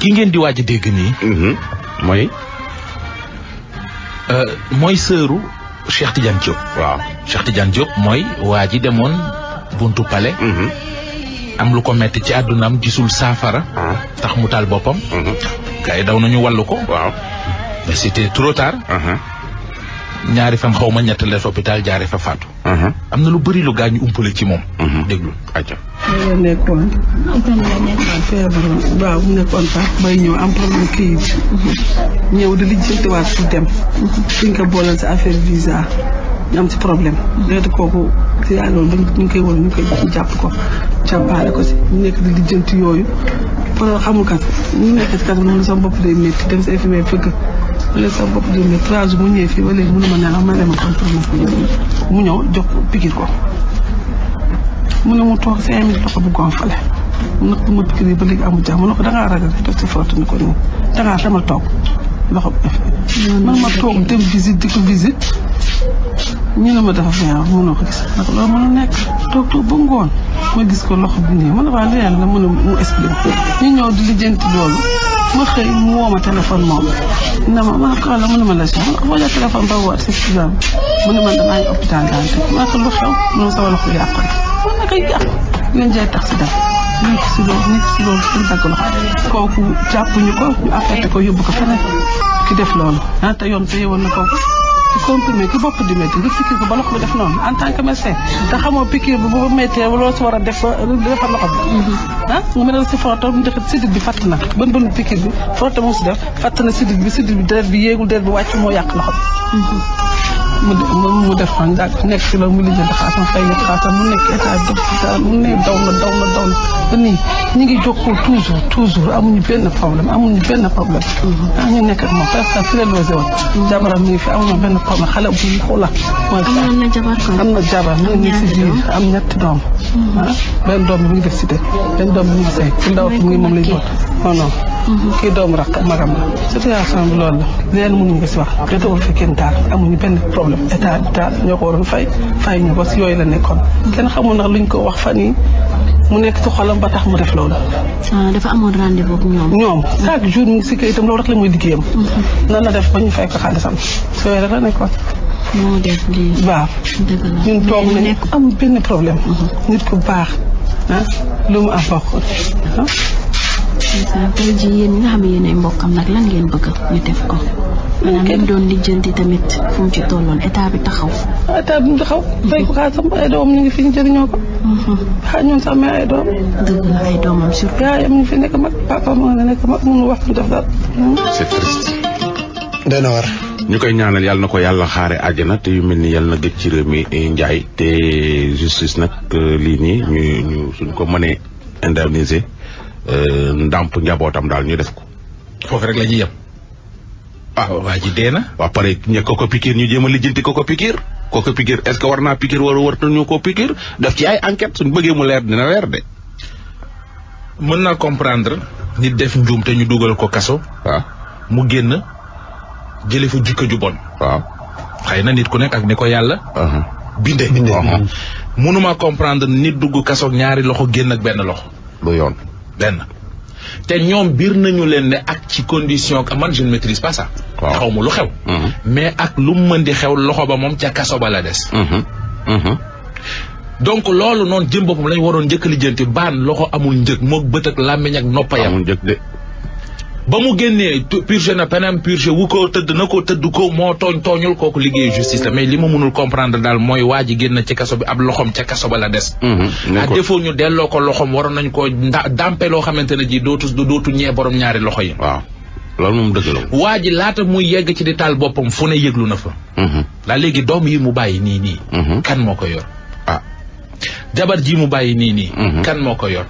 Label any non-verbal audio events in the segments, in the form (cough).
ki ngeen di waaj a dégg nii. Mhm. mooy. Euh, mooy sëru Cheikh Tidiane Diop. waaw mooy waa ji demoon Buntu pale mhm. am lu ko metti ci àddunaam gisul saafara. Ah. tax mu taal boppam. Mhm. gars daw nañu wallu ko. waaw mais c'était trop tard. ñaari fan xaw ma ñett lees hôpital jaare fa faatu. Uh-huh. am na lu bëri lu gaañu umpale ci moom. Uh-huh. déglu acca. da nekkoon. itam la nekkoon feebar waaw nekkoon sax bay ñëw am problème kayit. Uh-huh. ñëw di lijjantiwaat su dem. suñ ko booleel sa affaire visa. am ci problème. léegi kooku si yàlla loolu dañ koy war ñu koy jàpp ko jàppaale ko si ñu nekk di lijjanti yooyu. par xamul kat ñu nekk kat man sama bopp day métti dem sa infirmier fëgg. wala sa bopp di métti mu ñëwee fii ba léegi mënuma nelaw mu ñëw jox ko pikir ko mu ne mu toog cinq minutes bu gonflé mu ma yi ba léegi amu jàmm mu ne ko dangaa ragal def si ko nii dangaa sama toog loxo bi. man ma toog dem visite di ko visite ñu ne ma dafa feebar mënoo ko gis nag loolu mënul nekk toog toog ba ngoon ma gis ko loxo bi nii ma ne waa ah, li yàlla mën a mu expliqué ñu ñëw di lijjanti loolu. ma xëy mu woo moom na ma ma mu ne ma la si ma ko téléphone ba woote si si daan mu ne ma damaa ngi hôpital daal de ma ko lu xew mu na ma ne ko ñu ko ñu ko yóbbu ko feneen ki def loolu ah te yoon téye woon na kooku. comprimé ki bopp di métti nga fikir ko ba loxo bi def noonu en tant que médecin te xamoo piqûre bi bu méttee loo si war a def defar loxo bi mm-hmm. ah nga mën a si foto mu def bi fatt na bën bën piqûre bi foto moom si def fatt na sidit bi sidit bi deret bi yéegul deret bi wàcc moo yàq loxo bi mm-hmm. mu mu def fan daal nekk si loolu mu lijjanti xaasam fay nit xaasam mu nekk état bi mu ne daw na daw na daw na ba nii ñu ngi jokkoo toujours toujours amuñu benn problème amuñu benn problème. Mhm. ah ñu nekk ak moom presque fi la logé woon. Mhm. jabaram mi ngi fi amuñu benn problème xale bu ñu la. am na jabar kon am na jabar mu ngi si biir am ñetti doom. Mhm. ah benn doom bi mu ngi def cité benn doom bi mu ngi sëy ci ndaw fi mu ngi moom lañ bot non non. kii doomu rakk magam la situation bi lool la leen mënuñu ko si wax te dawul fi kenn daal benn problème état état ko waroon fay ñu ko yooyu la nekkoon kenn xamul nag luñ ko wax fan yi mu nekk ci xolam ba tax mu def loolu. Ah, dafa amoon rendez-vous ak ñoom. ñoom chaque jour mu ngi si këyitam loolu rek la muy liggéeyam. Mm-hmm. nan la def ba ñu fay ko xaalisam si yooyu rek la nekkoon. moo def lii. waaw ñun toog nañu am benn problème. Mm-hmm. nit ku baax ah lu mu am bokk ah. tey jii yéen ñi nga xam ne yéen ay mbokkam nag lan ngeen bëgg ñu def ko. maanaam ngeen doon tamit fu mu ci tolloon état bi taxaw. état bi mu taxaw. Mhm. fay ko xaalisam fi ñu jëriñoo ko. Mhm. xaaj nekk mag papa ma wax ñu def dara. Mhm. c'est war. ñu koy ñaanal yàlla na ko yàlla xaare àjjana te yu mel ni yàlla na gëj ci réew mi eh, njaay te justice nag eh, lii nii ñu ñu ko mënee indemniser. ndàmp njabootam daal ñu def ko. foofu rek la ñuy yem. ah waa ji dee na. waa pare ña ko ko pikiir ñu jéem a lijjanti ko ko pikiir ko ko pikiir est ce que war naa pikiir war ko pikiir def ci ay enquête suñ bëggee mu leer dina leer de. mën naa comprendre. nit def njuum te ñu dugal ko kaso. waaw mu génn jëlee fa jikko ju bon. waaw xëy nit ku nekk ak ni ko yàlla. binde binde mënuma comprendre nit dugg kaso ñaari loxo génn ak benn loxo. lu yoon. benn te ñoom biir nañu leen ne ak ci condition que man je ne maîtrise pas ça. xaw ma lu xew. Mm-hmm. mais ak lu mu mën di xew loxo ba moom ca kaso ba la des. Mm-hmm. Mm-hmm. donc loolu noonu jëm boppam lañ waroon njëkk a lijjanti baan loxo amul njëg mook bët ak làmmiñ ak noppa yam ba mu génnee purgé na penem purgé wu ko tëdd na ko tëdd ko moo tooñ tooñul kooku liggéeyu justice la mais li ma mënul comprendre daal mooy waa ji génn ci kaso bi ab loxoom ca kaso ba la des mhm, à défaut ñu delloo ko loxom waroon nañ ko dàmpe loo xamante ne ji dootu dootu ñee borom ñaari loxo yi waaw loolu moom dëgg la waa ji laata muy yegg ci di taal boppam fu ne yëglu na fa mhm. daa léegi doom yi mu bàyyi nii nii mhm. kan moo ko yor ah jabar ji mu bàyyi nii nii kan moo ko yor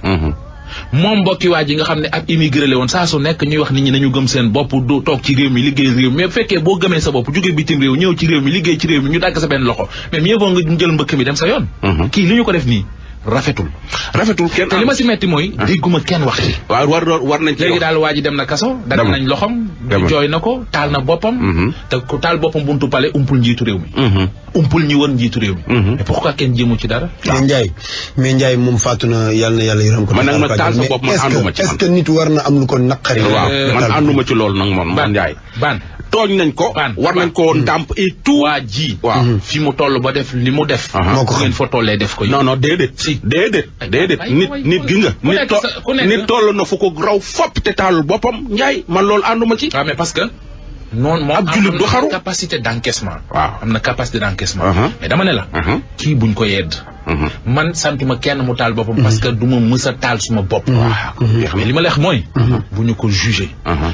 moom mbokki waa ji nga xam ne ab immigré la woon saa su nekk ñuy wax nit ñi nañu gëm seen bopp du toog ci réew mi liggéey réew mi boo gëmee sa bopp jógee bitim réew ñëw ci réew mi liggéey ci réew mi ñu dàgg sa benn loxo mais mieux vaut nga jël mbëkk mi dem sa yoon mhm. kii li ñu ko def nii rafetul rafetul kenn te li ma si metti mooy ah. dégguma kenn wax ci waaw war war nañ ci léegi daal waa ji dem na kaso dagg nañ loxom jooy na ko taal na boppam mm-hmm. te ku taal boppam buntu pale umpul njiitu réew mi mm-hmm. umpul ñi wër njiitu réew mi mm-hmm. mais pourquoi kenn jéemu ci dara ah. mais Ndiaye mais Ndiaye moom faatu na yàlla na yàlla yërëm ko man nag ma taal sa bopp man ànduma ci est-ce que nit war na am lu ko naqari waaw man ànduma ci loolu nag moom man Ndiaye ban tooñ nañ ko war nañ ko ndàmp et tout ji fi mu toll ba def li mu def moo ko ngeen fa tollee def ko raw fopp te taalul boppam Ndiaye man loolu ànduma ci ah. Ah, mais parce que. noonu moom am na capacité d' encaissement. am uh-huh. na capacité d' encaissement. mais dama ne la. Uh-huh. kii buñ ko yedd. Uh-huh. man santuma kenn mu taal boppam. parce que du ma mës a taal suma bopp. waaw mais li ma leex mooy. bu ñu ko jugé.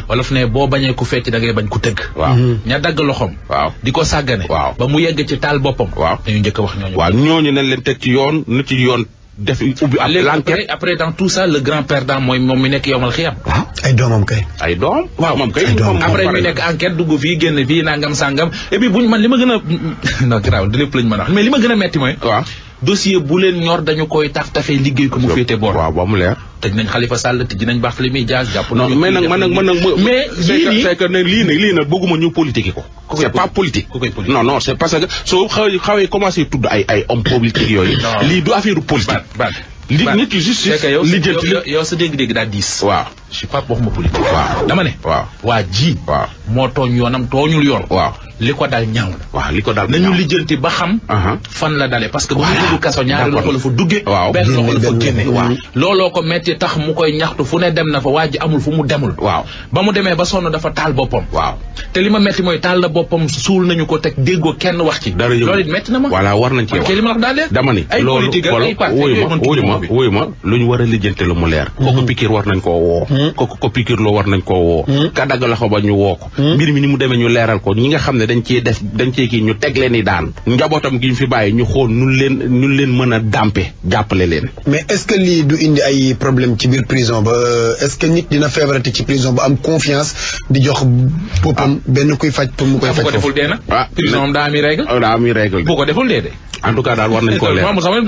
wala fu ne boo bañee ku fecc da ngay bañ ku tëgg. waaw ña dagg loxoom. waaw di ko sàggane. waaw ba mu yegg ci taal boppam. waaw dañu njëkk a wax ñooñu. waaw ñooñu nañ leen teg ci yoon na ci yoon. def ubbi ab l'enquête après dans tout ça le grand perdant mooy moom mi nekk yowmal xiyam. waaw ah, ay doomam kay. ay doom waaw moom kay. mi nekk enquête dugg fii génn fii nangam sangam et puis buñ man li ma gën a (laughs) non grave lépp lañ mën a wax mais li ma gën a metti mooy. waaw dossier bu leen ñor dañu koy taf tafee liggéey ko mu féete boor. waaw ba mu leer. tëj nañ Khalifa Sall tëj nañ Barthélemy Dias jàpp nañu. mais nag man nag mais lii nii c'est que lii nag lii nag bëgguma ñu politique ko. c' est pas politique. non non c' est parce que soo xawee xawee commencé tudd ay ay hommes politique yooyu. lii du affaire politique. li nit ki juste li jël ci yow daa diis. waaw je suis pas waxuma politique. waaw dama ne. waaw waa ji. waaw moo tooñ yoonam tooñul yoon. waaw. li ko dal ñaaw la. waaw li ko dal nañu lijjanti ba xam. fan la dalee parce que. bu ñu dugg kaso ñaari loxo la fa duggee. fu ne dem na fa waa ji amul fu mu ba mu demee ba sonn dafa taal boppam. waaw te li ma metti mooy taal la boppam suul nañu ko teg déggoo kenn wax ci. dara yëngu loolu it metti na ma. voilà war nañ cee wax la dama ni loolu xool wuyu ma wuyu ma war mu leer. Mm-hmm. kooku pikir nañ koo woo. Mm-hmm. kooku ko pikir loo war nañ koo woo. Mm-hmm. ka dagg loxo ba ñu woo ko. mbir mi ni mu demee ñu leeral ko ñi nga xam ne dañ ciy def dañ ciy kii ñu teg leen i daan njabootam gi ñu fi bàyyi ñu xool nun leen mën a dàmpe jàppale leen mais est-ce que lii du indi ay problème ci biir prison ba euh, est-ce que nit dina feebarati ci prison ba am confiance di jox boppam ah. benn kuy faj pour mu koy ah, faj ko i règle daa am i règle bu ko deful de en tout cas daal war nañ koo leer moom sama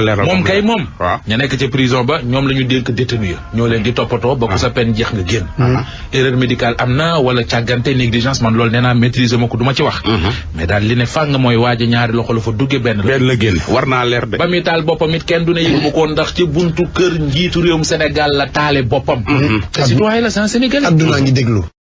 leeral moom kay moom waaw ah. ci prison ba ñoom la ñu dénk détenu ya ñoo leen di toppatoo ba ku sa peine jeex nga génn erreur médicale am na wala càggante négligence man loolu ma ko du ma ci wax mhm. mais daal li ne fàng mooy waaja ñaari loxo la fa dugge benn benn la génn war naa leer de ba muy taal boppam it kenn du ne yëgu ko ndax ci buntu kër njiitu réewum Sénégal la taale boppam mhm. citoyen la ngi déglu